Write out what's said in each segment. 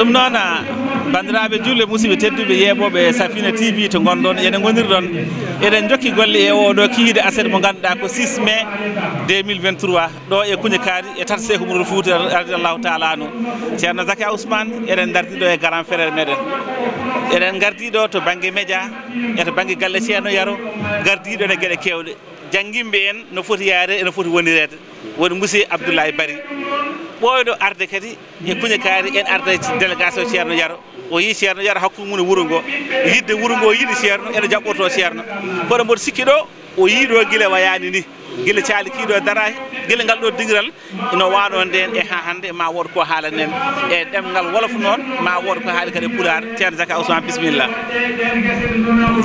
ɗum noon ah, banndiraaɓe julle musiɓe tedduɓe yeeɓooɓe safina tv to ngonɗon ene ngonirɗon eɗen jokki golle e oo ɗo kiide aset mo ngannduɗaa ko 6 mai 2023 ɗo e kuñe kaari e tat seeko mouɗo fouti radiallahu taala nu ceerno zakia ousmane eɗen ngardi ɗo e garan frére meɗen eɗen ngardi ɗo to baŋnge média e to baŋnge galle ceeno yaro ngardi ɗo ne geɗe keewɗe janngimɓe en no foti yaare eno foti wonireede woni musi abdoulaye bari ɓooyno arde kadi e kuña kaari en arda délégation ceerno yaro o yii ceerno yaro hakkude mum e wuro ngo yidde wuro ngo yiɗi ceerno ene jaɓɓoto ceerno kono mboɗo sikki ɗo o yiiɗo guila wayaani ni guila caali kiiɗo dara guila ngal ɗo digiral ino wano nden e ha hannde ma wood ko haalan en e ɗemgal wolof noon ma wood ko haali kadi e puɗar ceerno zaka ousmane bisimilla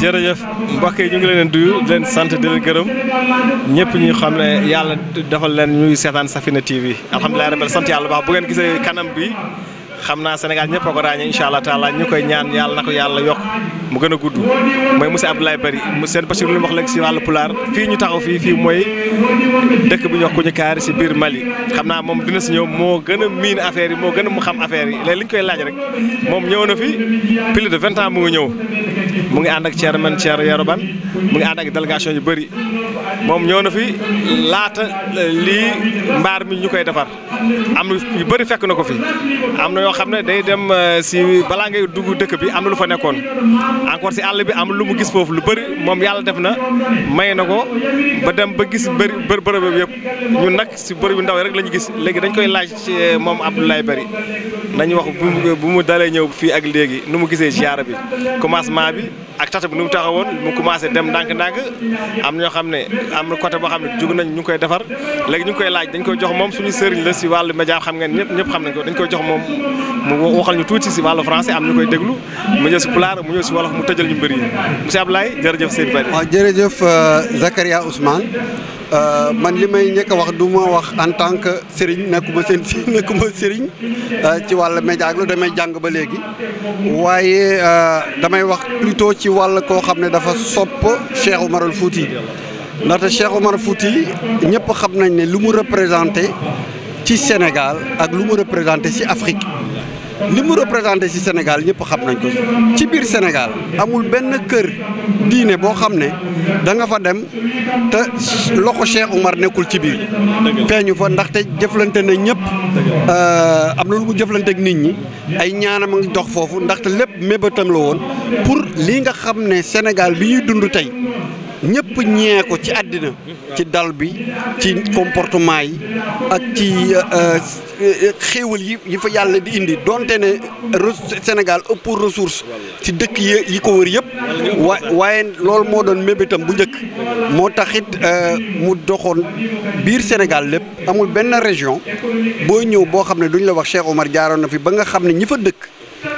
jërëjëf mbokk yi ñu ngi leen duyu di leen sant di leen gërëm ñëpp ñu xam ne yàlla defal leen ñuy seetaan Safina TV alhamdulilah rabbil sant yàlla baax bu ngeen gisee kanam bi xam naa senegal ñëpp a ko ràññee incha allah taala ñu koy ñaan yàlla na ko yàlla yokk mu gën a gudd mooy monsieur Abdoulaye Bari mu seen Bachir lu wax léegi si wàllu pulaar fii ñu taxaw fii fii mooy dëkk bi ñu wax Kougnikaar si biir Mali xam naa moom dina si ñëw moo gën a miin affaire yi moo gën a mu xam affaire yi léegi li ñu koy laaj rek moom ñëw na fi plus de vingt ans mu ñëw mu ngi ànd ak chairman chair Yoroban mu ngi ànd ak délégation yu bëri moom ñëw na fi laata euh, lii mbaar mi ñu koy defar am yu bëri fekk na ko fi am na yoo xam ne day dem euh, si balaa ngay dugg dëkk bi am na lu fa nekkoon encore si àll bi am lu mu gis foofu lu bëri moom yàlla def na may na ko ba dem ba gis bëri bër bërëb yëpp ñun nag si bër yu ndaw rek la ñu gis léegi dañ koy laaj ci eh, moom Abdoulaye Bari nañu wax bu mu dalee ñëw fii ak léegi nu mu gisee ziara bi commencement bi ak tata bi nu mu taxawoon mu commencé dem ndànk-ndànk am ñoo xam ne am na côté boo xam ne jug nañ ñu ngi koy defar léegi ñu koy laaj dañ koy jox moom suñu sëriñ la si wàll média xam ngeen ñëpp ñëpp xam nañ ko dañ koy jox moom mu waxal ñu tuuti si wàllu français am ñu koy déglu mu ñëw si pulaar mu ñëw si wolof mu tëjal ñu mbir yi monsieur Ablaye jërëjëf sëñ Bari waaw jërëjëf euh, Zakaria Ousmane Euh, man li may njëkk a wax du ma wax en tant que sëriñ nekkuma seen nekkuma sëriñ euh, ci wàll média ak lu damay jàng ba léegi waaye euh, damay wax plutôt ci wàll koo xam ne dafa sopp Cheikh Omar al Fouti ndaxte Cheikh Omar fuuti ñëpp xam nañ ne lu mu représenté ci Sénégal ak lu mu représenté ci Afrique li mu représenté ci Sénégal ñëpp xam nañ ko ci biir Sénégal amul benn kër diine boo xam ne da nga fa dem te loxo Cheikh nekkul ci biir feeñu fa ndaxte jëflante na ñëpp euh, am na lu mu jëflante nit ñi ay ñaanam a ngi dox foofu ndaxte lépp mébétam la woon pour li nga xam ne Sénégal bi ñuy dund tey ñëpp ñee ko ci àddina ci dal bi ci comportement yi ak ci euh, euh, xéewal yi yi fa yàlla di indi donte ne Sénégal ëpp ressource ci dëkk yi yi ko wër yëpp waaye loolu moo doon mébétam bu njëkk moo taxit euh, mu doxoon biir Sénégal lépp amul benn région boo ñëw boo xam ne duñ la wax Cheikh Omar jaaroon na fi ba nga xam ne ñi fa dëkk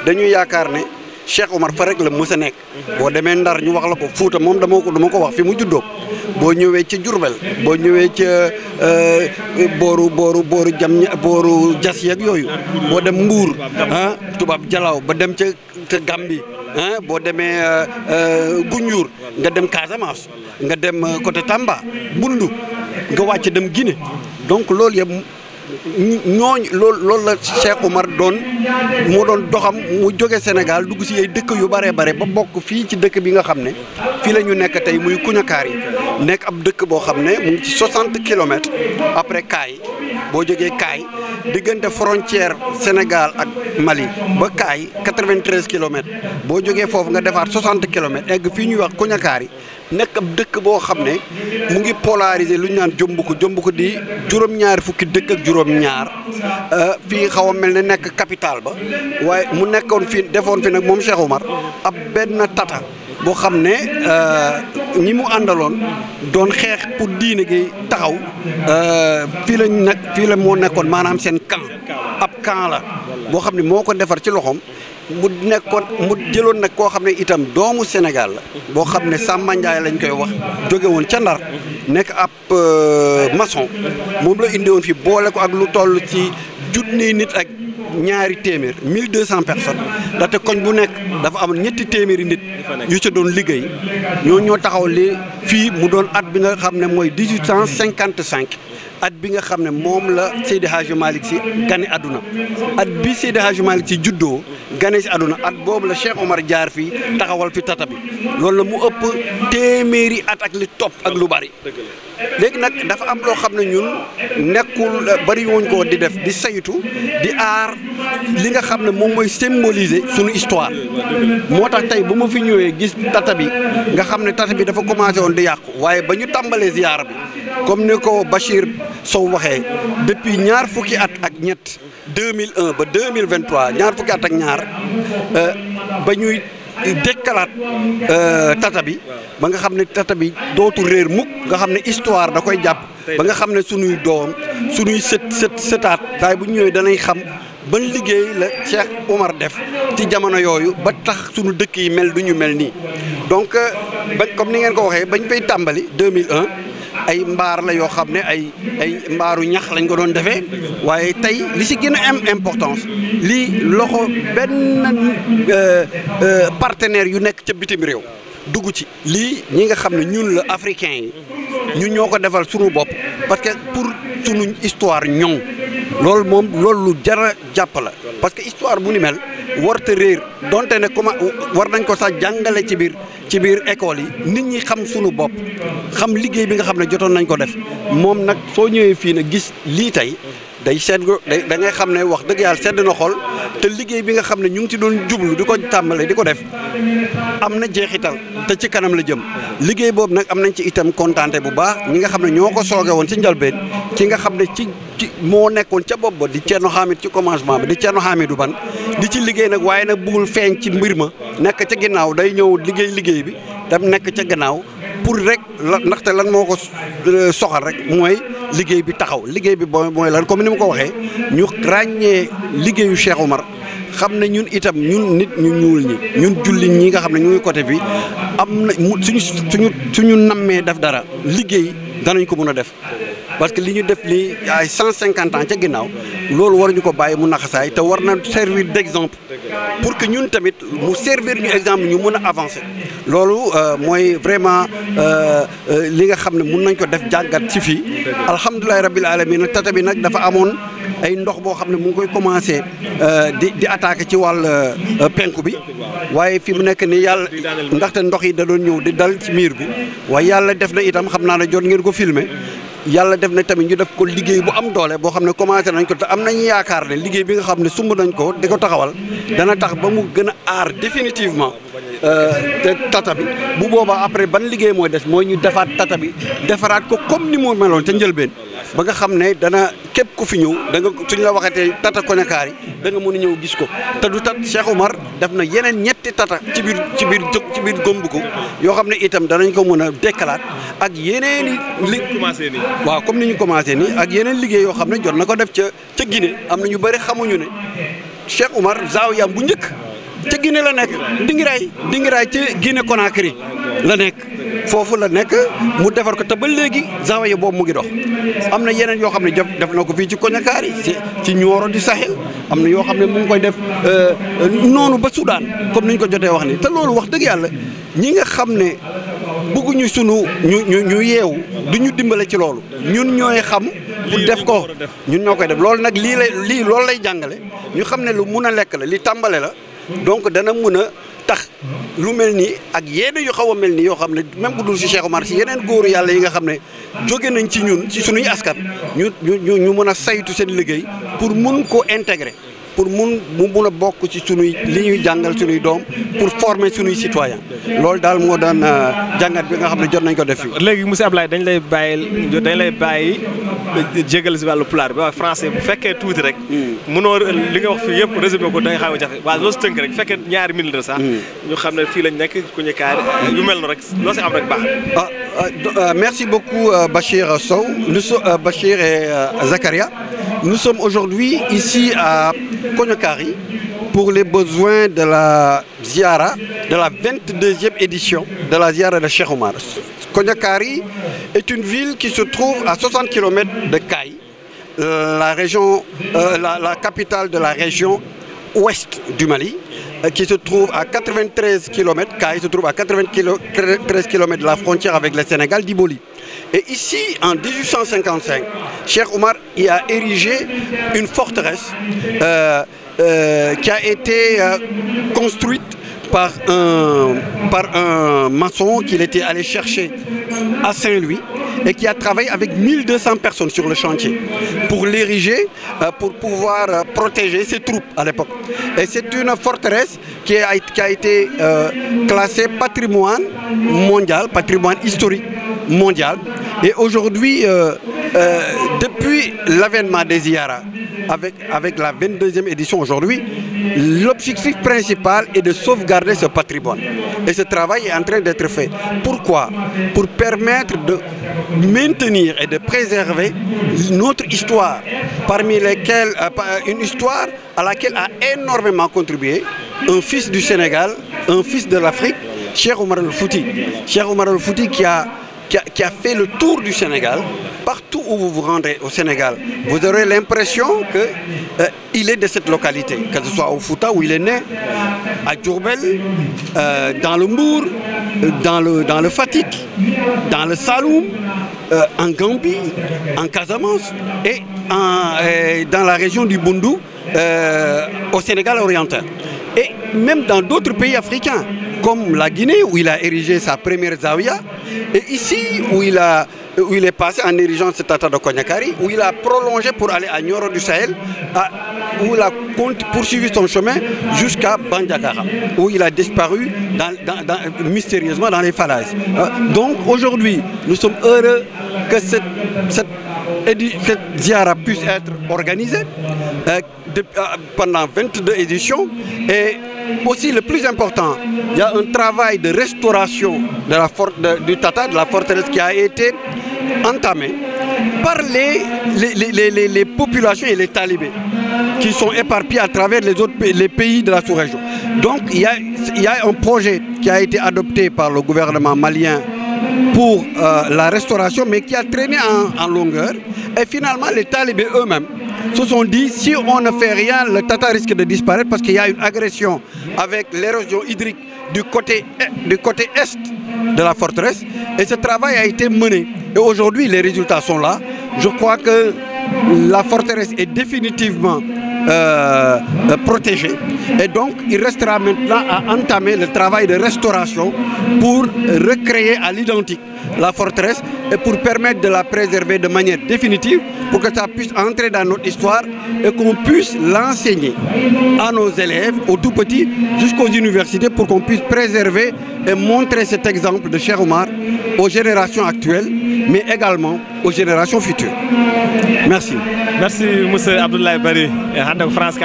dañu yaakaar ne Cheikh Omar fa rek la mës nekk boo demee Ndar ñu wax la ko Fuuta moom dama ko dama ko wax fi mu juddoo boo ñëwee ci Jurbel boo ñëwee ca euh, euh, booru booru booru jam booru jas yeeg yooyu boo dem Mbuur ah tubaab jalaaw ba dem ca ca Gàmbi ah, boo demee euh, Gunjur nga dem Casamance nga dem côté Tamba Bundu nga wàcc dem Guinée donc loolu yëpp ñooñ loolu loolu la Cheikh Oumar doon moo doon doxam mu jóge Sénégal dugg si ay dëkk yu bare bare ba bokk fii ci dëkk bi nga xam ne fii la ñu nekk tey muy Kouñakaari nekk ab dëkk boo xam ne mu ngi ci 60 kilomètres après Kaay boo jógee Kaay diggante frontière Sénégal ak Mali ba Kaay 93 kilomètres boo jógee foofu nga defaat 60 kilomètres egg fii ñuy wax Kouñakaari nekk ab dëkk boo xam ne mu ngi polariser lu ñu naan jomb ko jomb ko di juróom-ñaari fukki dëkk ak juróom-ñaar euh, fii xaw a mel na nekk capital ba waaye mu nekkoon fii defoon fi nag moom Cheikh Oumar ab benn tata boo xam ne euh, ñi mu àndaloon doon xeex pour diine gi taxaw euh, fii lañ nag fii moo nekkoon maanaam seen camp ab camp la. boo xam ne moo ko defar ci loxoom mu nekkoon mu jëloon nag koo xam ne itam doomu Sénégal la boo xam ne Samba lañ koy wax jóge ca Ndar nekk ab euh, maçon moom la indi woon fi boole ko ak lu toll ci junni nit ak ñaari téeméer mille deux cent personnes ndaxte koñ bu nekk dafa amoon ñetti téeméeri nit yu ca doon liggéey ñoo ñoo taxaw li fii mu doon at bi nga xam ne mooy dix-huit cent cinquante-cinq at bi nga xam ne moom la Seydi Hadji Malick Sy gane àdduna at bi Seydi Hadji Malick Sy juddoo gane si àdduna at boobu la Cheikh Omar jaar fii taxawal fi tata bi loolu la mu ëpp téeméeri at ak li topp ak lu bari léegi nag dafa am loo xam ne ñun nekkul bari woon ko di def di saytu di aar li nga xam ne moom mooy symboliser suñu histoire moo tax tey bu ma fi ñëwee gis tata bi nga xam ne tata bi dafa commencé woon di yàqu waaye ba ñu tàmbalee ziyaara bi comme ni ko Bachir Sow waxee depuis ñaar fukki at ak ñett 2001 ba 2023 ñaar fukki ak ñaar euh, ba ñuy dekkalaat euh, tata bi ba nga xam ne tata bi dootu réer mukk nga xam ne histoire da koy jàpp ba nga xam ne sunuy doom sunuy sët sët sëtaat waaye bu ñu ñëwee danay xam ban liggéey la Cheikh Omar def ci jamono yooyu ba tax sunu dëkk yi mel du ñu mel nii donc euh, ba comme ni ngeen ko waxee bañ koy tàmbali 2001 ay mbaar la yoo xam ne ay ay mbaaru ñax lañ ko doon defee waaye tey li si gën a am importance lii loxo benn euh, euh, partenaire yu nekk ca bitim réew dugg ci lii ñi nga xam ne ñun la africain yi ñu ñoo ko defal sunu bopp parce que pour sunu histoire ñoŋ loolu moom loolu lu jar a jàpp la parce que histoire bu ni mel. war te réer donte ne comment war nañ ko sax jàngale ci biir ci biir école yi nit ñi xam sunu bopp xam liggéey bi nga xam ne jotoon nañ ko def moom nag soo ñëwee fii nag gis lii tey day sedd da ngay xam ne wax dëgg yàlla sedd na xol te liggéey bi nga xam ne ñu ngi ci doon jublu di ko tàmbalee di ko def am na jeexital te ci kanam la jëm liggéey boobu nag am nañ ci itam kontaante bu baax ñi nga xam ne ñoo ko sooge woon ci njalbeen ci nga xam ne ci moo nekkoon ca bopp di Thierno Hamidou ci commencement bi di Thierno Hamidou Bane di ci liggéey nag waaye nag buggul feeñ ci mbir ma nekk ca ginnaaw day ñëw liggéey liggéey bi dam nekk ca gannaaw pour rek la ndaxte lan moo ko euh, soxal rek mooy liggéey bi taxaw liggéey bi mooy lan comme ni ma ko waxee ñu ràññee liggéeyu Cheikh Omar xam ne ñun itam ñun nit ñu ñuul ñi ñun jullit ñi nga xam ne ñu ngi côté bi am na suñu suñu suñu nammee def dara liggéey danañ ko mën a def parce que li ñu def nii ay cent cinquante ans ci ginnaaw loolu war ñu ko bàyyi mu naxasaay te war na servir d'exemple pour que ñun tamit mu servir ñu exemple ñu mën a avancer loolu euh, mooy vraiment euh, euh, li nga xam ne mun nañ ko def jàngat ci fii alhamdulilahi rabbil alamin tata bi nag dafa amoon ay ndox boo xam ne mu ngi koy commencé di di attaqué ci wàll penku bi waaye fi mu nekk ni yàlla ndaxte ndox yi da doon ñëw di dal ci miir bi waaye yàlla def na itam xam naa ne jot ngeen ko filmer yàlla def na tamit ñu def ko liggéey bu am doole boo xam ne commencé nañ ko te am nañu yaakaar ne liggéey bi nga xam ne sumb nañ ko di ko taxawal dana tax ba mu gën a aar définitivement euh, te tata bi bu boobaa après ban liggéey mooy des mooy ñu defaat tata bi defaraat ko comme ni mu meloon ca njëlbeen. ba nga xam ne dana képp ku fi ñëw da nga suñ la waxatee tata Konakaari da nga mën a ñëw gis ko te du tat Cheikh Omar def na yeneen ñetti tata ci biir ci biir ci biir gomb ko yoo xam ne itam danañ ko mën a dekkalaat ak yeneen i li commencé nii waaw comme ni ñu commencé nii ak yeneen liggéey yoo xam ne jot na ko def ca ca Guinée am na ñu bëri xamuñu ne Cheikh Omar zaawiyam bu njëkk ca Guinée la nekk dingiraay dingiraay ci Guinée Conakry la nekk foofu la nekk mu defar ko te ba léegi zawaye boobu mu ngi dox am na yeneen yoo xam ne def na ko fii ci Koñakaari ci ci Nioro di Sahel am na yoo xam ne mu ngi koy def euh, noonu ba Soudan comme ni ñu ko jotee wax ni te loolu wax dëgg yàlla ñi nga xam ne bëgguñu sunu ñu ñu ñu yeewu du ñu dimbale ci loolu ñun ñooy xam pour def ko ñun ñoo koy def loolu nag lii lay lii loolu lay jàngale ñu xam ne lu mun a lekk la li tàmbale la donc dana mun tax lu mel nii ak yenn yu xaw a mel nii yoo xam ne même bu dul si Cheikh Omar si yeneen góoru yàlla yi nga xam ne jóge nañ ci ñun ci suñuy askan ñu ñu ñu mën a saytu seen liggéey pour mun koo intégrer pour mun mu mun a bokk ci suñuy li ñuy jàngal suñuy doom pour former suñuy citoyen loolu daal moo daan euh, jàngat bi nga xam ne jot nañ ko def fii. léegi monsieur Ablaye dañ lay bàyyi dañ lay bàyyi. djegal si wàllu pulaar ba français bu fekkee tuuti rek mënoo hmm. li nga wax fi yépp résumé ko da nga xaw jaxé ba lo loo rek bu ñaar ñaari minute la sax hmm. ñu xamné fi lañ nek ku ñu kaar yu mel rek lo ci am rek baax ah, ah euh, merci beaucoup euh, Bachir Sow nous sommes euh, Bachir et Zakaria nous sommes aujourd'hui ici à Konyakari pour les besoins de la ziara de la 22e édition de la ziara de Cheikh Omar Konyakari est une ville qui se trouve à 60 km de Kai, euh, la, région, euh, la, capitale de la région ouest du Mali, euh, qui se trouve à 93 km, se trouve à 93 km de la frontière avec le Sénégal d'Iboli. Et ici, en 1855, Cheikh Omar y a érigé une forteresse qui a été construite par un, par un maçon qu'il était allé chercher à Saint-Louis et qui a travaillé avec 1200 personnes sur le chantier pour l'ériger, euh, pour pouvoir euh, protéger ses troupes à l'époque. Et c'est une forteresse qui a, été euh, classée patrimoine mondial, patrimoine historique mondial. Et aujourd'hui, depuis l'avènement des IARA, avec, la 22e édition aujourd'hui, l'objectif principal est de sauvegarder ce patrimoine. Et ce travail est en train d'être fait. Pourquoi Pour permettre de maintenir et de préserver notre histoire, parmi lesquelles euh, euh, une histoire à laquelle a énormément contribué un fils du Sénégal, un fils de l'Afrique, Cheikh Omar al-Fouti. Cheikh Omar al-Fouti qui, a, qui a fait le tour du Sénégal, tout où vous vous rendez au Sénégal, vous aurez l'impression qu'il euh, est de cette localité, que ce soit au Fouta où il est né, à Djourbel, euh, dans le Mour, euh, dans le, dans le Fatik, dans le Saloum, en Gambie, en Casamance et, dans la région du Bundu, au Sénégal oriental. Et même dans d'autres pays africains, comme la Guinée où il a érigé sa première Zawiya, et ici où il a où il est passé en érigeant ce tata de Konyakari, où il a prolongé pour aller à Nioro du Sahel, où il a poursuivi son chemin jusqu'à Bandiagara, où il a disparu mystérieusement dans les falaises. Euh, donc aujourd'hui, nous sommes heureux que cette, cette puisse être organisée euh, euh, pendant 22 éditions. Et aussi le plus important, il y a un travail de restauration de la du Tata, de la forteresse qui a été entamé par les, populations et les talibés qui sont éparpillés à travers les autres pays, les pays de la sous-région. Donc il y, a, il y, a, un projet qui a été adopté par le gouvernement malien pour euh, la restauration, mais qui a traîné en, en longueur. Et finalement, les talibés eux-mêmes se sont dit, si on ne fait rien, le Tata risque de disparaître parce qu'il y a une agression avec l'érosion hydrique du côté, du côté est de la forteresse. Et ce travail a été mené. Et aujourd'hui, les résultats sont là. Je crois que la forteresse est définitivement euh, protégée. Et donc, il restera maintenant à entamer le travail de restauration pour recréer à l'identique la forteresse et pour permettre de la préserver de manière définitive pour que ça puisse entrer dans notre histoire et qu'on puisse l'enseigner à nos élèves, aux tout petits, jusqu'aux universités pour qu'on puisse préserver et montrer cet exemple de Cher Omar aux générations actuelles, mais également aux générations futures. Merci. Merci, M. Abdoulaye Barry. France